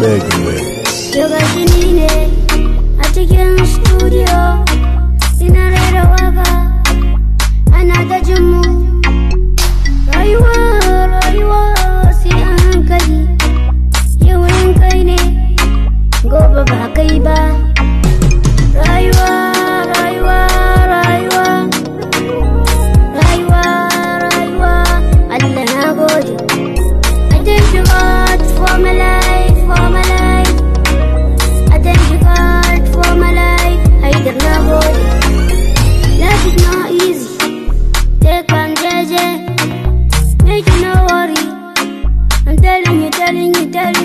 Begging me. going worry. I'm telling you, telling you, telling you.